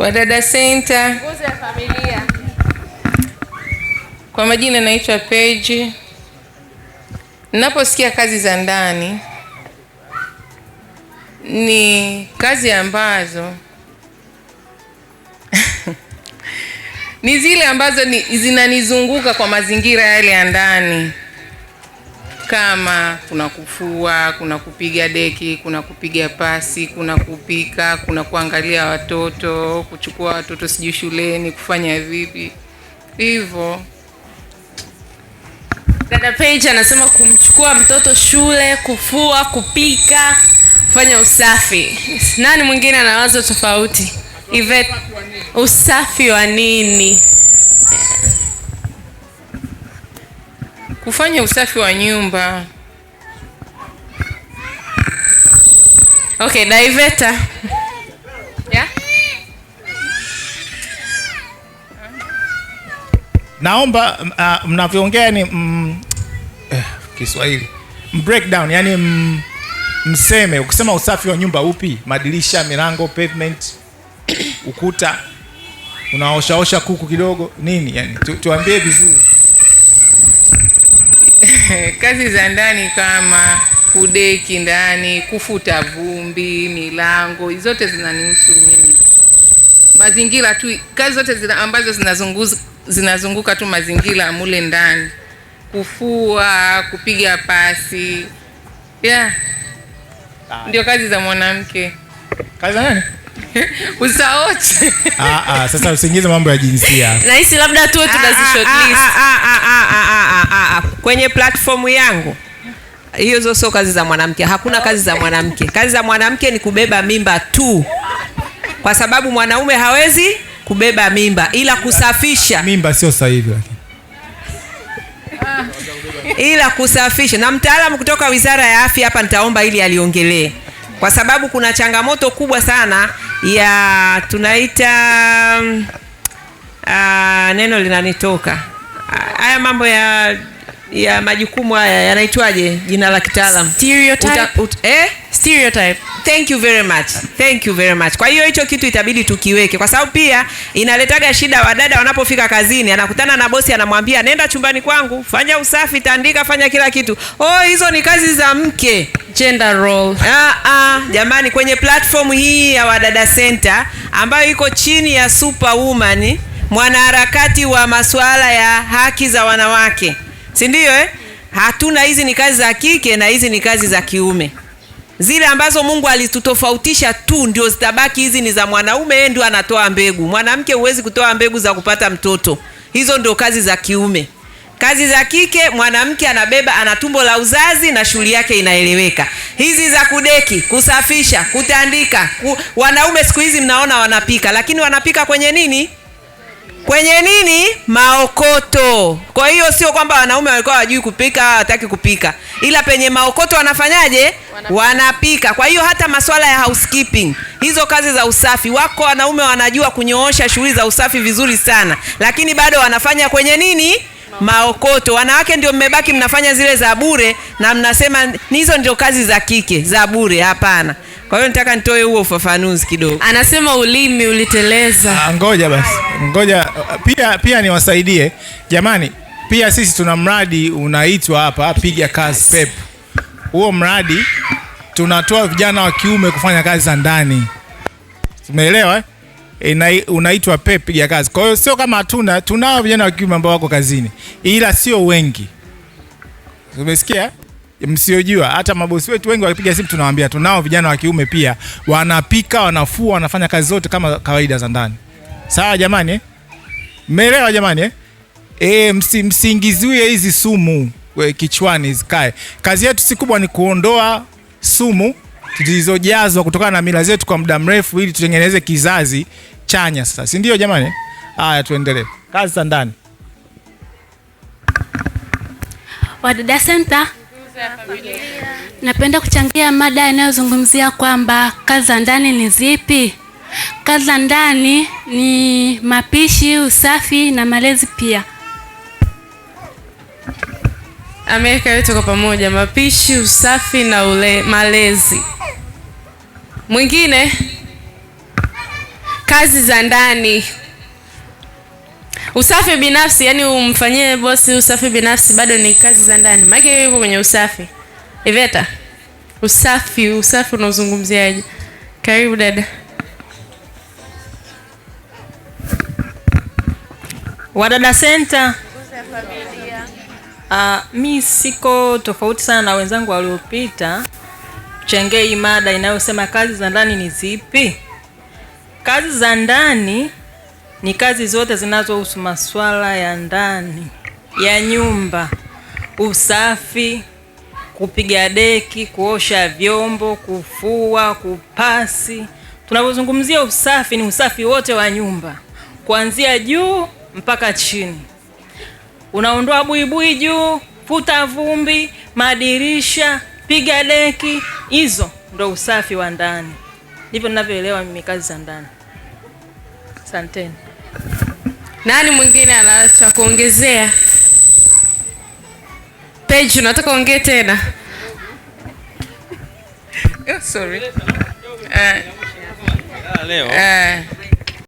Wadada Center, nguzo ya familia. Kwa majina naitwa Page. Ninaposikia kazi za ndani, ni kazi ambazo ni zile ambazo ni zinanizunguka kwa mazingira yale ya ndani kama kuna kufua, kuna kupiga deki, kuna kupiga pasi, kuna kupika, kuna kuangalia watoto, kuchukua watoto sijui shuleni, kufanya vipi hivyo. Dada Page anasema kumchukua mtoto shule, kufua, kupika, kufanya usafi. Nani mwingine ana wazo tofauti? Ivet, usafi wa nini? Kufanya usafi wa nyumba. Okay, Daiveta. Yeah? Naomba uh, mnavyoongea ni mm, eh, Kiswahili breakdown, yani mm, mseme ukisema usafi wa nyumba upi? Madirisha, milango, pavement, ukuta, unaoshaosha kuku kidogo nini? Yani tu, tuambie vizuri. kazi za ndani kama kudeki ndani, kufuta vumbi, milango, zote zinanihusu mimi. Mazingira tu, kazi zote zina, ambazo zinazunguka zinazunguka tu mazingira mule ndani, kufua, kupiga pasi, yeah, ndio kazi za mwanamke. Kazi za nani? usaote ah, ah, sasa usiingize mambo ya jinsia nahisi labda tuwe ah, kwenye platformu yangu zo sio kazi za mwanamke hakuna kazi za mwanamke kazi za mwanamke ni kubeba mimba tu kwa sababu mwanaume hawezi kubeba mimba ila kusafisha mimba sio sahivi ah. ila kusafisha na mtaalamu kutoka wizara ya afya hapa nitaomba ili aliongelee kwa sababu kuna changamoto kubwa sana ya tunaita um, uh, neno linanitoka haya mambo ya ya majukumu haya yanaitwaje jina la kitaalamu? Stereotype. Uta, ut, eh? stereotype. Thank you very much. Thank you very much. Kwa hiyo hicho kitu itabidi tukiweke, kwa sababu pia inaletaga shida. Wadada wanapofika kazini, anakutana na bosi, anamwambia nenda chumbani kwangu, fanya usafi, tandika, fanya kila kitu. Oh, hizo ni kazi za mke. Gender role. Ah, ah, jamani, kwenye platform hii ya Wadada Center ambayo iko chini ya Superwoman, mwanaharakati wa masuala ya haki za wanawake, si ndio eh? Hatuna, hizi ni kazi za kike na hizi ni kazi za kiume. Zile ambazo Mungu alitutofautisha tu ndio zitabaki. Hizi ni za mwanaume, yeye ndio anatoa mbegu. Mwanamke huwezi kutoa mbegu za kupata mtoto, hizo ndio kazi za kiume. Kazi za kike, mwanamke anabeba, ana tumbo la uzazi na shughuli yake inaeleweka. Hizi za kudeki, kusafisha, kutandika ku, wanaume siku hizi mnaona wanapika, lakini wanapika kwenye nini? kwenye nini, maokoto. Kwa hiyo sio kwamba wanaume walikuwa wajui kupika, hawataki kupika, ila penye maokoto wanafanyaje? Wanapika, wanapika. Kwa hiyo hata masuala ya housekeeping, hizo kazi za usafi, wako wanaume wanajua kunyoosha shughuli za usafi vizuri sana, lakini bado wanafanya kwenye nini maokoto. Wanawake ndio mmebaki mnafanya zile za bure, na mnasema hizo ndio kazi za kike za bure. Hapana. Kwa hiyo nataka nitoe huo ufafanuzi kidogo. Anasema ulimi uliteleza. Ah, ngoja basi, ngoja pia pia niwasaidie jamani. Pia sisi tuna mradi unaitwa hapa piga kazi pep. Huo mradi tunatoa vijana wa kiume kufanya kazi za ndani, umeelewa? E, unaitwa pep piga kazi. Kwa hiyo sio kama hatuna, tunao vijana wa kiume ambao wako kazini, ila sio wengi. Umesikia? Eh? msiojua hata mabosi wetu wengi wakipiga simu tunawaambia tunao vijana wa kiume pia wanapika, wanafua, wanafanya kazi zote kama kawaida za ndani. Sawa jamani eh? Mmeelewa jamani eh? E, msi, msiingiziwe hizi sumu we, kichwani zikae. Kazi yetu si kubwa, ni kuondoa sumu zilizojazwa kutokana na mila zetu kwa muda mrefu, ili tutengeneze kizazi chanya. Sasa si ndio jamani? Haya, tuendelee kazi za ndani Wadada Center. Napenda kuchangia mada inayozungumzia kwamba kazi za ndani ni zipi? Kazi za ndani ni mapishi, usafi na malezi pia. Amerika yote kwa pamoja, mapishi, usafi na ule, malezi. Mwingine, kazi za ndani Usafi binafsi, yani umfanyie bosi usafi binafsi bado ni kazi za ndani. Maana yuko kwenye usafi. Iveta. Usafi, usafi unaozungumziaje? Karibu dada. Wadada Center. Uh, mi siko tofauti sana na wenzangu waliopita. Tuchangie mada inayosema kazi za ndani ni zipi? Kazi za ndani ni kazi zote zinazohusu masuala ya ndani ya nyumba, usafi, kupiga deki, kuosha vyombo, kufua, kupasi. Tunapozungumzia usafi, ni usafi wote wa nyumba kuanzia juu mpaka chini. Unaondoa buibui juu, futa vumbi, madirisha, piga deki, hizo ndo usafi wa ndani. Ndivyo ninavyoelewa mimi kazi za ndani. Asanteni. Nani mwingine ana cha kuongezea? Page, unataka ongee tena? Oh, sorry. Uh, uh,